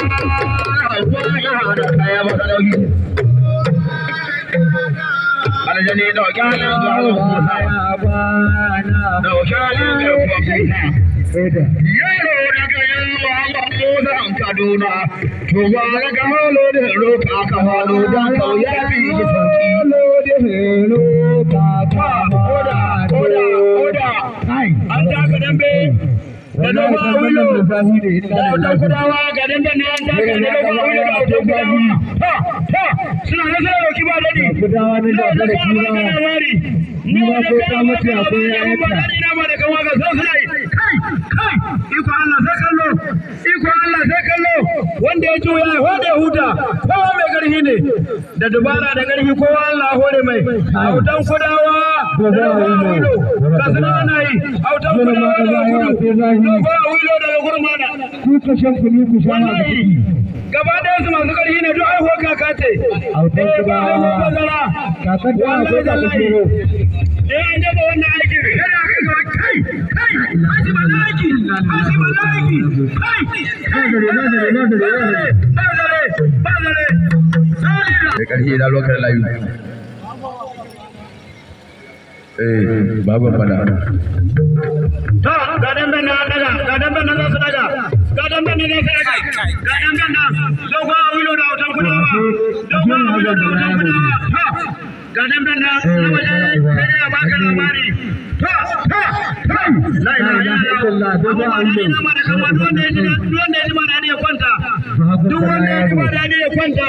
Aljani ɗauki da kayan zuwa lodan Kaduna, to ba na da ka dambe. da dogon awilo da autan kudawa ga dandan na yan da dogon awilo da autan ha ha suna nasa da ki ba dadi kudawa ne da da ki ba labari ni ba ko ta mutu akwai ya ba dadi na ba da kan waka sai suna kai kai iko Allah sai kallo iko Allah sai kallo wanda ya juya ya hode huta kowa mai karfi ne da dubara da karfi kowa Allah hore mai autan kudawa da dogon awilo ka sanar hautan kula da gudu ba gaba ɗaya su masu ƙarfi ne kaka ce hautan kula kakar da aka aiki lokacin layu eh baban ga dan ben nan daga ga dan nan daga nan daga da wutan kudu ba dogo da wutan kudu ba ga dan nan na waje sai ya baka labari wanda ya ji ma da ya kwanta duk wanda ya ji ma da ya kwanta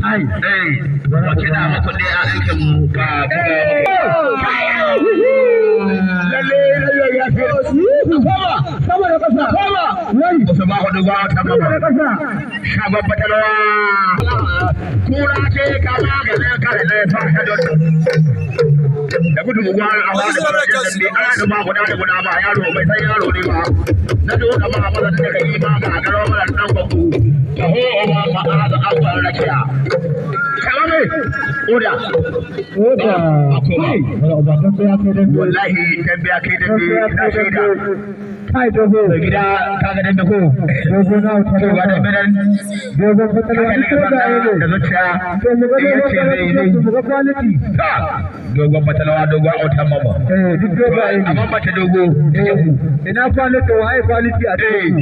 Ko kina a cikin mu ba Lalle lalle ya fi. Sama Shagon batalwa. Kura ce kama ga zai kare zai yaro bai san yaro ne ba. Na doka ma a maza da daga yi a garo mara ɗan oda autan mama eh, amma dogo eh, ina a eh,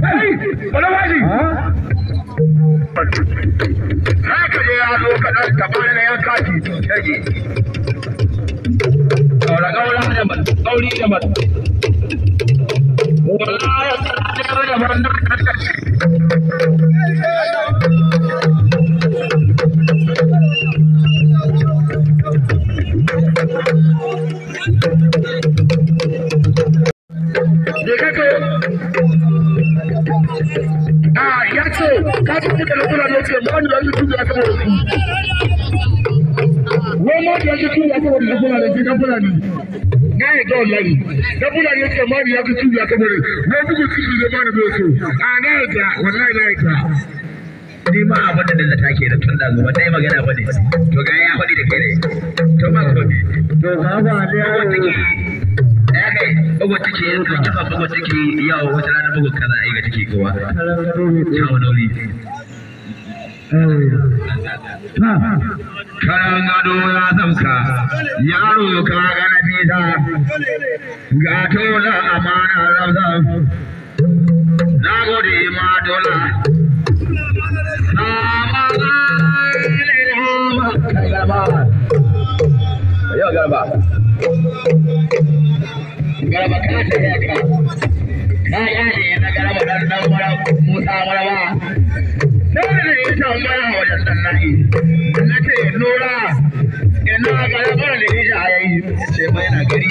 kai Na ka ya zo kaɗan ya tsara da man haka suka na suna ne ce wani da yake tuya saboda su wani da yake tuya saboda da fulani ke kan fulani na yi ga wallahi da fulani ya ce mani ya ke tuya saboda ne bugu ciki ne mani bai so a na yi ta wallahi na yi ta ni ma abin da dalla take da tun da gobe dai magana bane to ga ya faɗi da kai ne to ma ko ne to ga ba da bugu take yin eh, kan kifa bugu take yawo wata rana bugu kaza ai ga take kowa ciao gado ya zamka yaro ka gana bisa amana zamzam na gode ma dola Yo, Garba. ba kana ya na ne na ga ba dan dan mara musa mara ba sai da ni ta mara wajen na ce ina ya na gari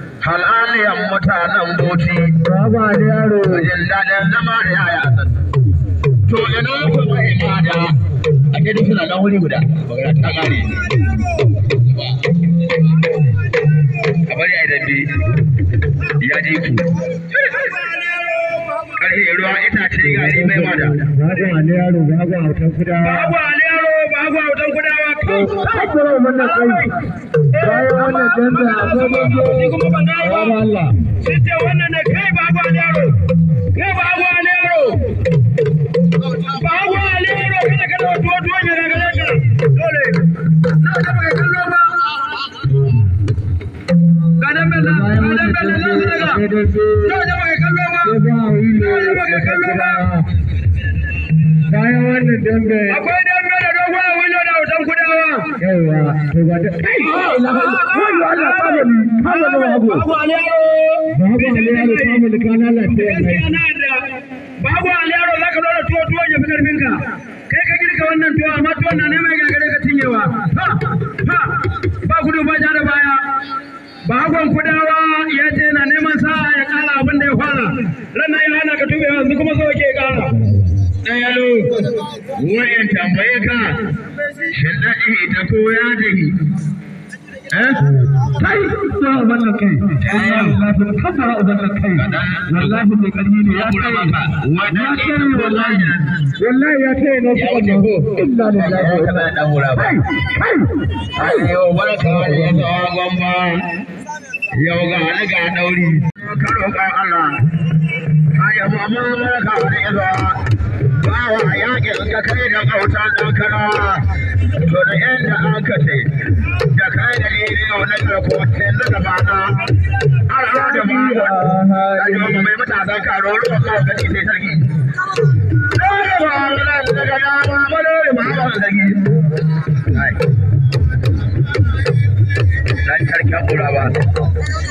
halaliyan mutanen boci ba da yaro wajen daɗin zama da yaya to ina ku mai mada a ke suna nan wuri guda magana ta ƙare kamar ya dambe ya ji ku ƙarfe ruwa ita ce gari mai mada ga ga yaro ga ga hautan kuda ga akwai ka da yawa zaka dole tuwo tuwo ya kai ka girka wannan tuwo amma na neman gagare ka cinyewa ha ha ba ba da baya bagon kudawa ce na neman sa'a ya kara abin ya fara ranar ya hana ka tube kuma so ke ɗayalo wayan tambaye ka shaɗaɗi ita ko ya jini eh? kai ya uban kai wallahi kafin kaddara kai wallahi mai ne ya kai ya kai wallahi wallahi ya kai na shi wannan ya kai kai kai yau ga wani ga ɗauri ka Allah ka yabo amma ka wani bawa yakin ka kai da kauta dan kanawa to da inda an ka ce da kai da iri yau na da ko da bana Allah da bana da mai matasan karo ruwa ka ga ni sai sarki dole ba Allah daga ya ba dole ba ba sarki dan karkin ba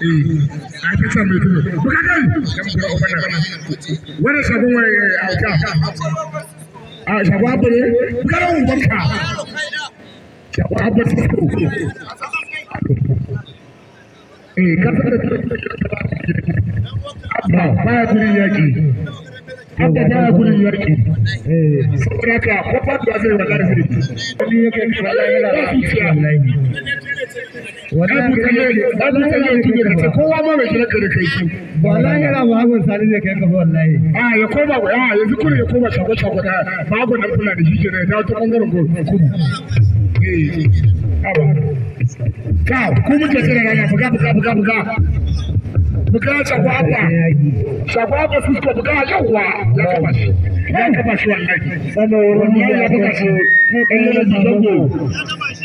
a ta can mai tudu kuka kai wani sabon wai auka a shabu abu kuka da wun banka shabu ta eh da yaki abba baya gudun yaki saboda ka kwakwar da zai wa lafiya wani yake kira lafiya wannan gare ma babu sani ne kai kafa wallahi a ya koma a yanzu kuma ya koma shago shago da babu nan kula da shi da ta bangaren ko kuma. ka ku muke kira rana buga buga buga buga buga shago apa shago apa su ko buga yawa ya kama shi ya kama shi wallahi ya buga shi ɗan yana da